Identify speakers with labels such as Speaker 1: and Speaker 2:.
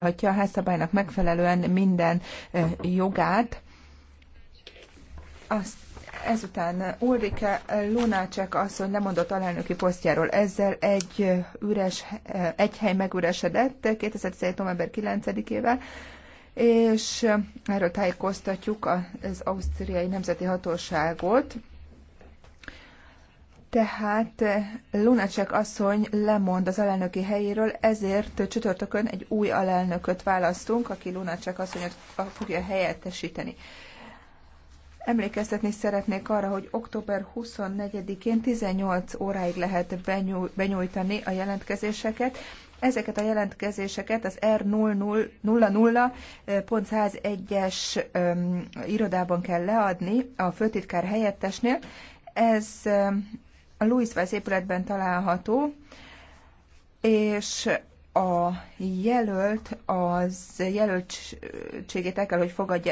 Speaker 1: hatja a házszabálynak megfelelően minden eh, jogát. Azt Ezután Ulrike Lunácsek asszony lemondott alelnöki posztjáról. Ezzel egy, eh, üres, eh, egy hely megüresedett 2017. november 9-ével, és erről tájékoztatjuk az ausztriai nemzeti hatóságot. Tehát eh, Lunacek asszony lemond az alelnöki helyéről, ezért csütörtökön egy új alelnököt választunk, aki Lunacek asszonyot fogja helyettesíteni. Emlékeztetni szeretnék arra, hogy október 24-én 18 óráig lehet benyújtani a jelentkezéseket. Ezeket a jelentkezéseket az R00.101-es eh, irodában kell leadni a főtitkár helyettesnél. Ez a Louis Weiss épületben található, és a jelölt az jelöltségét el kell, hogy fogadja